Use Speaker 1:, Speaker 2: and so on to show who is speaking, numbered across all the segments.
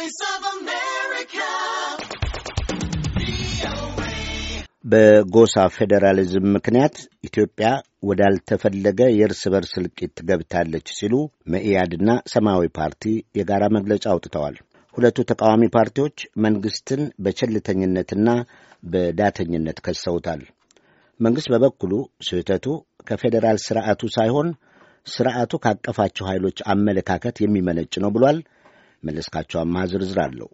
Speaker 1: Voice of America. በጎሳ ፌዴራሊዝም ምክንያት ኢትዮጵያ ወዳልተፈለገ የእርስ በርስ እልቂት ገብታለች ሲሉ መእያድና ሰማያዊ ፓርቲ የጋራ መግለጫ አውጥተዋል። ሁለቱ ተቃዋሚ ፓርቲዎች መንግሥትን በቸልተኝነትና በዳተኝነት ከሰውታል። መንግሥት በበኩሉ ስህተቱ ከፌዴራል ሥርዓቱ ሳይሆን ሥርዓቱ ካቀፋቸው ኃይሎች አመለካከት የሚመነጭ ነው ብሏል። መለስካቸው አማረ ዝርዝር አለው።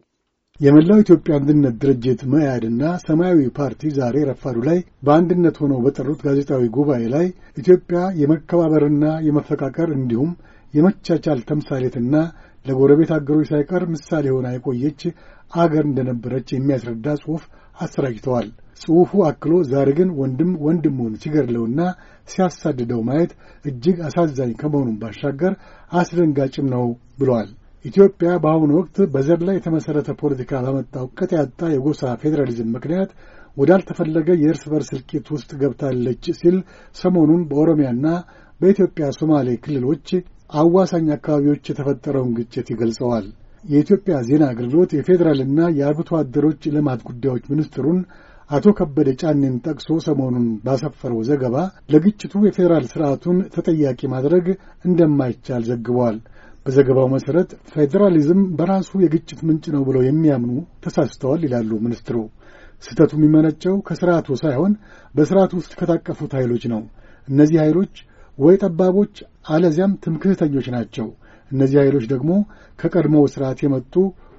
Speaker 2: የመላው ኢትዮጵያ አንድነት ድርጅት መያድና ሰማያዊ ፓርቲ ዛሬ ረፋዱ ላይ በአንድነት ሆነው በጠሩት ጋዜጣዊ ጉባኤ ላይ ኢትዮጵያ የመከባበርና የመፈቃቀር እንዲሁም የመቻቻል ተምሳሌትና ለጎረቤት አገሮች ሳይቀር ምሳሌ ሆና የቆየች አገር እንደነበረች የሚያስረዳ ጽሑፍ አሰራጭተዋል። ጽሑፉ አክሎ ዛሬ ግን ወንድም ወንድሙን ሲገድለውና ሲያሳድደው ማየት እጅግ አሳዛኝ ከመሆኑም ባሻገር አስደንጋጭም ነው ብለዋል። ኢትዮጵያ በአሁኑ ወቅት በዘር ላይ የተመሠረተ ፖለቲካ ባመጣ እውቀት ያጣ የጎሳ ፌዴራሊዝም ምክንያት ወዳልተፈለገ የእርስ በርስ እልቂት ውስጥ ገብታለች ሲል ሰሞኑን በኦሮሚያና በኢትዮጵያ ሶማሌ ክልሎች አዋሳኝ አካባቢዎች የተፈጠረውን ግጭት ይገልጸዋል። የኢትዮጵያ ዜና አገልግሎት የፌዴራልና የአርብቶ አደሮች ልማት ጉዳዮች ሚኒስትሩን አቶ ከበደ ጫኔን ጠቅሶ ሰሞኑን ባሰፈረው ዘገባ ለግጭቱ የፌዴራል ስርዓቱን ተጠያቂ ማድረግ እንደማይቻል ዘግቧል። በዘገባው መሠረት ፌዴራሊዝም በራሱ የግጭት ምንጭ ነው ብለው የሚያምኑ ተሳስተዋል ይላሉ ሚኒስትሩ። ስህተቱ የሚመነጨው ከስርዓቱ ሳይሆን በስርዓቱ ውስጥ ከታቀፉት ኃይሎች ነው። እነዚህ ኃይሎች ወይ ጠባቦች አለዚያም ትምክህተኞች ናቸው። እነዚህ ኃይሎች ደግሞ ከቀድሞው ስርዓት የመጡ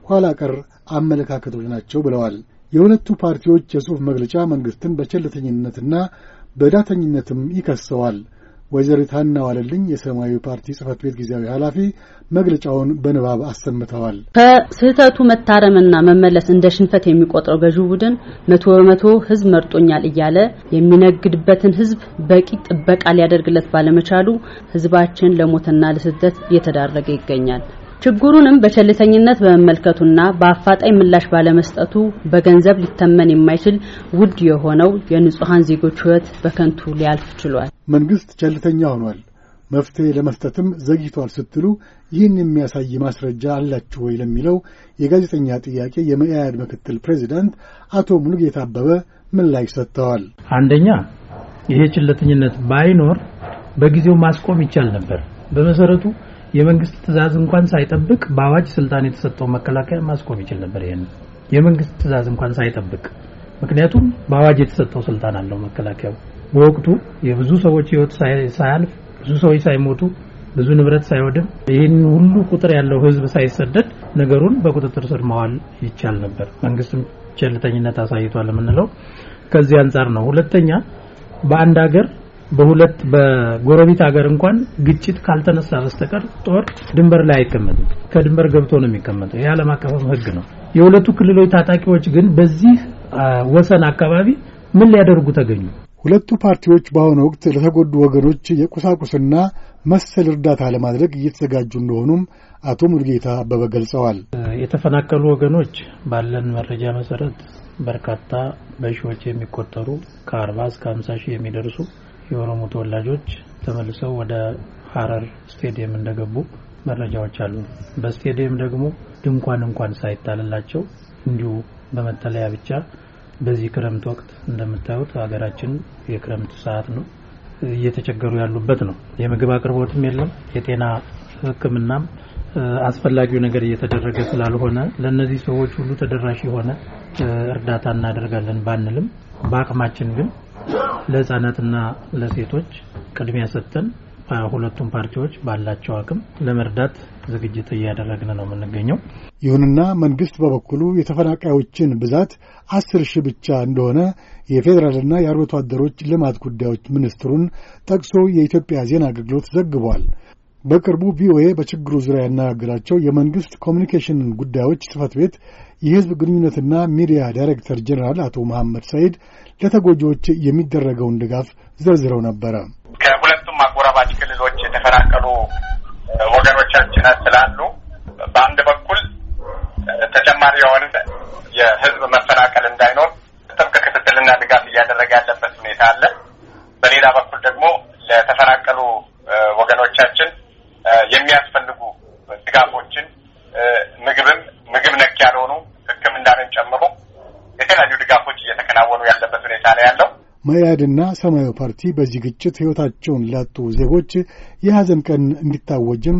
Speaker 2: ኋላ ቀር አመለካከቶች ናቸው ብለዋል። የሁለቱ ፓርቲዎች የጽሑፍ መግለጫ መንግሥትን በቸልተኝነትና በዳተኝነትም ይከሰዋል። ወይዘሪት ሀና ዋለልኝ የሰማያዊ ፓርቲ ጽህፈት ቤት ጊዜያዊ ኃላፊ መግለጫውን በንባብ አሰምተዋል። ከስህተቱ መታረምና መመለስ እንደ ሽንፈት የሚቆጥረው ገዢ ቡድን መቶ በመቶ ህዝብ መርጦኛል እያለ የሚነግድበትን ህዝብ በቂ ጥበቃ ሊያደርግለት ባለመቻሉ ህዝባችን ለሞትና ለስደት እየተዳረገ ይገኛል። ችግሩንም በቸልተኝነት በመመልከቱና በአፋጣኝ ምላሽ ባለመስጠቱ በገንዘብ ሊተመን የማይችል ውድ የሆነው የንጹሐን ዜጎች ህይወት በከንቱ ሊያልፍ ችሏል። መንግሥት ቸልተኛ ሆኗል፣ መፍትሔ ለመስጠትም ዘግይቷል ስትሉ ይህን የሚያሳይ ማስረጃ አላችሁ ወይ ለሚለው የጋዜጠኛ ጥያቄ የመኢአድ ምክትል ፕሬዚዳንት አቶ ሙሉጌታ አበበ ምላሽ ሰጥተዋል።
Speaker 1: አንደኛ ይሄ ችለተኝነት ባይኖር በጊዜው ማስቆም ይቻል ነበር። በመሰረቱ የመንግስት ትእዛዝ እንኳን ሳይጠብቅ በአዋጅ ስልጣን የተሰጠው መከላከያ ማስቆም ይችል ነበር። ይሄን የመንግስት ትእዛዝ እንኳን ሳይጠብቅ፣ ምክንያቱም በአዋጅ የተሰጠው ስልጣን አለው መከላከያው በወቅቱ የብዙ ሰዎች ህይወት ሳያልፍ ብዙ ሰዎች ሳይሞቱ ብዙ ንብረት ሳይወድም ይህን ሁሉ ቁጥር ያለው ህዝብ ሳይሰደድ ነገሩን በቁጥጥር ስር ማዋል ይቻል ነበር። መንግስትም ቸልተኝነት አሳይቷል የምንለው ከዚህ አንጻር ነው። ሁለተኛ በአንድ ሀገር በሁለት በጎረቤት ሀገር እንኳን ግጭት ካልተነሳ በስተቀር ጦር ድንበር ላይ አይቀመጥም። ከድንበር ገብቶ ነው የሚቀመጠው። ይህ ዓለም አቀፍ ህግ ነው። የሁለቱ ክልሎች ታጣቂዎች ግን በዚህ ወሰን አካባቢ ምን ሊያደርጉ ተገኙ?
Speaker 2: ሁለቱ ፓርቲዎች በአሁኑ ወቅት ለተጎዱ ወገኖች የቁሳቁስና መሰል እርዳታ ለማድረግ እየተዘጋጁ እንደሆኑም አቶ ሙሉጌታ አበበ ገልጸዋል። የተፈናቀሉ ወገኖች ባለን መረጃ መሰረት በርካታ በሺዎች
Speaker 1: የሚቆጠሩ ከአርባ እስከ ሀምሳ ሺህ የሚደርሱ የኦሮሞ ተወላጆች ተመልሰው ወደ ሀረር ስቴዲየም እንደገቡ መረጃዎች አሉ። በስቴዲየም ደግሞ ድንኳን እንኳን ሳይታልላቸው እንዲሁ በመጠለያ ብቻ በዚህ ክረምት ወቅት እንደምታዩት ሀገራችን የክረምት ሰዓት ነው፣ እየተቸገሩ ያሉበት ነው። የምግብ አቅርቦትም የለም፣ የጤና ሕክምናም አስፈላጊው ነገር እየተደረገ ስላልሆነ ለእነዚህ ሰዎች ሁሉ ተደራሽ የሆነ እርዳታ እናደርጋለን ባንልም በአቅማችን ግን ለህጻናትና ለሴቶች ቅድሚያ ሰጥተን ሁለቱም ፓርቲዎች ባላቸው አቅም ለመርዳት ዝግጅት እያደረግን ነው የምንገኘው።
Speaker 2: ይሁንና መንግስት በበኩሉ የተፈናቃዮችን ብዛት አስር ሺህ ብቻ እንደሆነ የፌዴራልና የአርብቶ አደሮች ልማት ጉዳዮች ሚኒስትሩን ጠቅሶ የኢትዮጵያ ዜና አገልግሎት ዘግቧል። በቅርቡ ቪኦኤ በችግሩ ዙሪያ ያነጋግራቸው የመንግስት ኮሚኒኬሽን ጉዳዮች ጽህፈት ቤት የህዝብ ግንኙነትና ሚዲያ ዳይሬክተር ጀኔራል አቶ መሐመድ ሰይድ ለተጎጂዎች የሚደረገውን ድጋፍ ዘርዝረው ነበረ። ከሁለቱም አጎራባች ልዩነት ስላሉ በአንድ በኩል ተጨማሪ የሆነ የህዝብ መፈናቀል እንዳይኖር ጥብቅ ክትትልና ድጋፍ እያደረገ ያለበት ሁኔታ አለ። በሌላ በኩል ደግሞ ለተፈናቀሉ ወገኖቻችን የሚያስፈልጉ ድጋፎችን ምግብም፣ ምግብ ነክ ያልሆኑ ሕክምናን ጨምሮ የተለያዩ ድጋፎች እየተከናወኑ ያለበት ሁኔታ ነው ያለው። መያድና ሰማያዊ ፓርቲ በዚህ ግጭት ህይወታቸውን ላጡ ዜጎች የሀዘን ቀን እንዲታወጅም